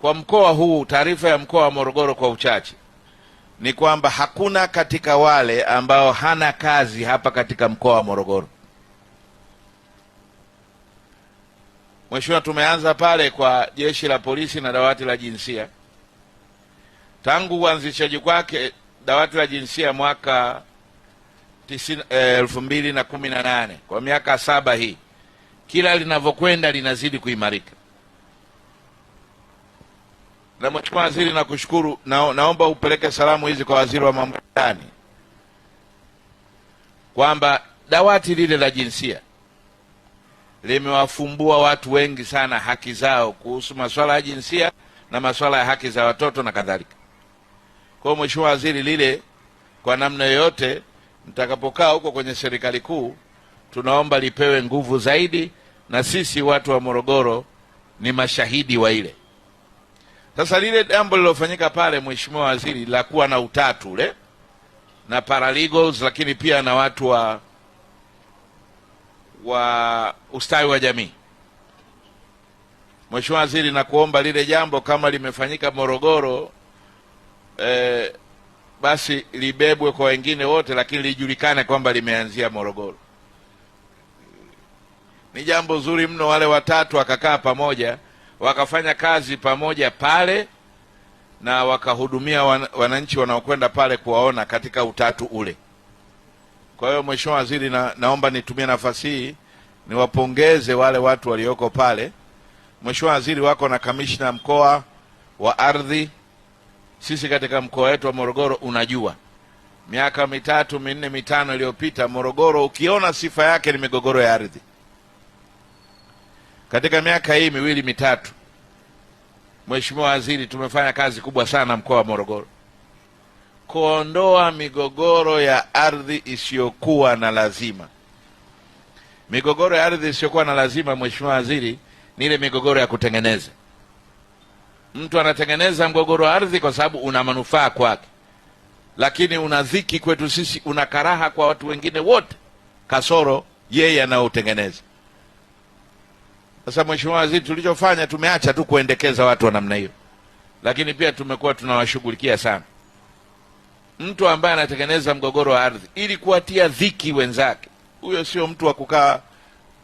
Kwa mkoa huu, taarifa ya mkoa wa Morogoro kwa uchache ni kwamba hakuna katika wale ambao hana kazi hapa katika mkoa wa Morogoro. Mheshimiwa, tumeanza pale kwa jeshi la polisi na dawati la jinsia. Tangu uanzishaji kwake dawati la jinsia mwaka eh, elfu mbili na kumi na nane, kwa miaka saba hii, kila linavyokwenda linazidi kuimarika na Mheshimiwa Waziri, nakushukuru na, naomba upeleke salamu hizi kwa Waziri wa Mambo ya Ndani kwamba dawati lile la jinsia limewafumbua watu wengi sana haki zao kuhusu masuala ya jinsia na masuala ya haki za watoto na kadhalika. Kwa hiyo Mheshimiwa Waziri, lile kwa namna yoyote mtakapokaa huko kwenye serikali kuu, tunaomba lipewe nguvu zaidi, na sisi watu wa Morogoro ni mashahidi wa ile sasa lile jambo lilofanyika pale, mheshimiwa waziri, la kuwa na utatu ule na paralegals, lakini pia na watu wa wa ustawi wa jamii, mheshimiwa waziri, nakuomba lile jambo kama limefanyika Morogoro eh, basi libebwe kwa wengine wote, lakini lijulikane kwamba limeanzia Morogoro. Ni jambo zuri mno, wale watatu wakakaa pamoja wakafanya kazi pamoja pale na wakahudumia wananchi wanaokwenda pale kuwaona katika utatu ule. Kwa hiyo Mheshimiwa Waziri na, naomba nitumie nafasi hii niwapongeze wale watu walioko pale. Mheshimiwa Waziri wako na kamishna mkoa wa ardhi. Sisi katika mkoa wetu wa Morogoro unajua miaka mitatu minne mitano iliyopita Morogoro ukiona sifa yake ni migogoro ya ardhi. Katika miaka hii miwili mitatu, Mheshimiwa Waziri, tumefanya kazi kubwa sana mkoa wa Morogoro kuondoa migogoro ya ardhi isiyokuwa na lazima. Migogoro ya ardhi isiyokuwa na lazima, Mheshimiwa Waziri, ni ile migogoro ya kutengeneza. Mtu anatengeneza mgogoro wa ardhi kwa sababu una manufaa kwake, lakini una dhiki kwetu sisi, una karaha kwa watu wengine wote, kasoro yeye anayotengeneza. Sasa mheshimiwa waziri, tulichofanya tumeacha tu kuendekeza watu wa namna hiyo, lakini pia tumekuwa tunawashughulikia sana. Mtu ambaye anatengeneza mgogoro wa ardhi ili kuwatia dhiki wenzake, huyo sio mtu wa kukaa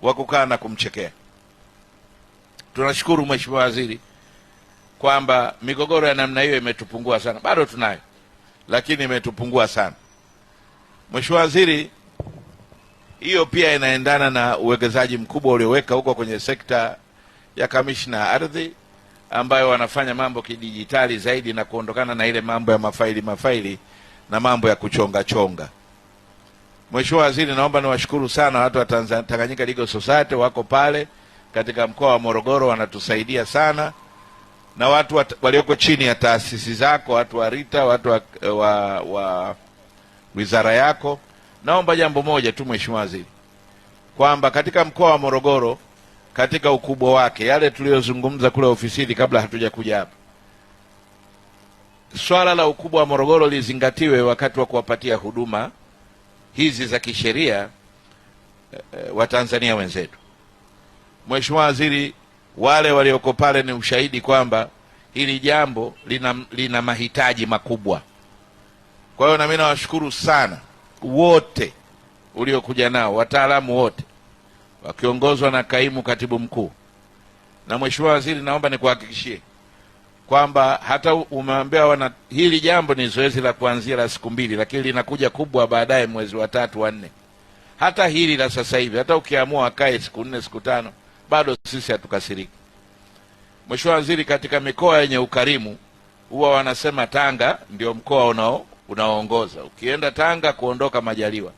wa kukaa na kumchekea. Tunashukuru mheshimiwa waziri kwamba migogoro ya namna hiyo imetupungua sana, bado tunayo, lakini imetupungua sana. Mheshimiwa waziri hiyo pia inaendana na uwekezaji mkubwa ulioweka huko kwenye sekta ya kamishna ya ardhi ambayo wanafanya mambo kidijitali zaidi na kuondokana na ile mambo ya mafaili mafaili na mambo ya kuchonga chonga. Mheshimiwa Waziri, naomba niwashukuru sana watu wa Tanganyika Legal Society wako pale katika mkoa wa Morogoro, wanatusaidia sana na watu wat, walioko chini ya taasisi zako, watu wa RITA, watu wa, wa, wa wizara yako. Naomba jambo moja tu Mheshimiwa Waziri, kwamba katika mkoa wa Morogoro katika ukubwa wake, yale tuliyozungumza kule ofisini kabla hatujakuja hapa, swala la ukubwa wa Morogoro lizingatiwe wakati wa kuwapatia huduma hizi za kisheria e, Watanzania wenzetu. Mheshimiwa Waziri, wale walioko pale ni ushahidi kwamba hili jambo lina, lina mahitaji makubwa. Kwa hiyo na mimi nawashukuru sana wote uliokuja nao, wataalamu wote wakiongozwa na kaimu katibu mkuu na mheshimiwa waziri, naomba nikuhakikishie kwamba hata umewambia wana hili jambo ni zoezi la kuanzia la siku mbili, lakini linakuja kubwa baadaye mwezi wa tatu wa nne. Hata hili la sasa hivi, hata ukiamua wakae siku nne siku tano, bado sisi hatukasiriki. Mheshimiwa Waziri, katika mikoa yenye ukarimu huwa wanasema Tanga ndio mkoa unao unaoongoza. Ukienda Tanga kuondoka Majaliwa.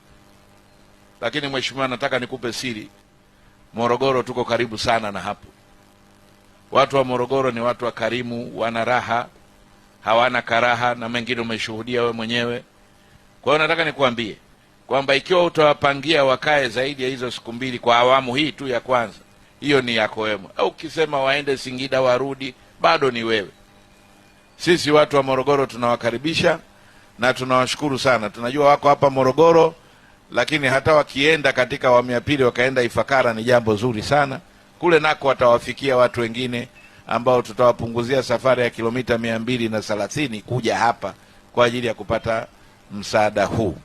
Lakini mheshimiwa, nataka nikupe siri, Morogoro tuko karibu sana na hapo. Watu wa Morogoro ni watu wakarimu, wana raha, hawana karaha, na mengine umeshuhudia we mwenyewe. Kwa hiyo nataka nikuambie kwamba ikiwa utawapangia wakae zaidi ya hizo siku mbili kwa awamu hii tu ya kwanza, hiyo ni yako wewe. Au ukisema waende Singida warudi, bado ni wewe. Sisi watu wa Morogoro tunawakaribisha na tunawashukuru sana. Tunajua wako hapa Morogoro, lakini hata wakienda katika awamu ya pili wakaenda Ifakara ni jambo zuri sana. Kule nako watawafikia watu wengine ambao tutawapunguzia safari ya kilomita mia mbili na thelathini kuja hapa kwa ajili ya kupata msaada huu.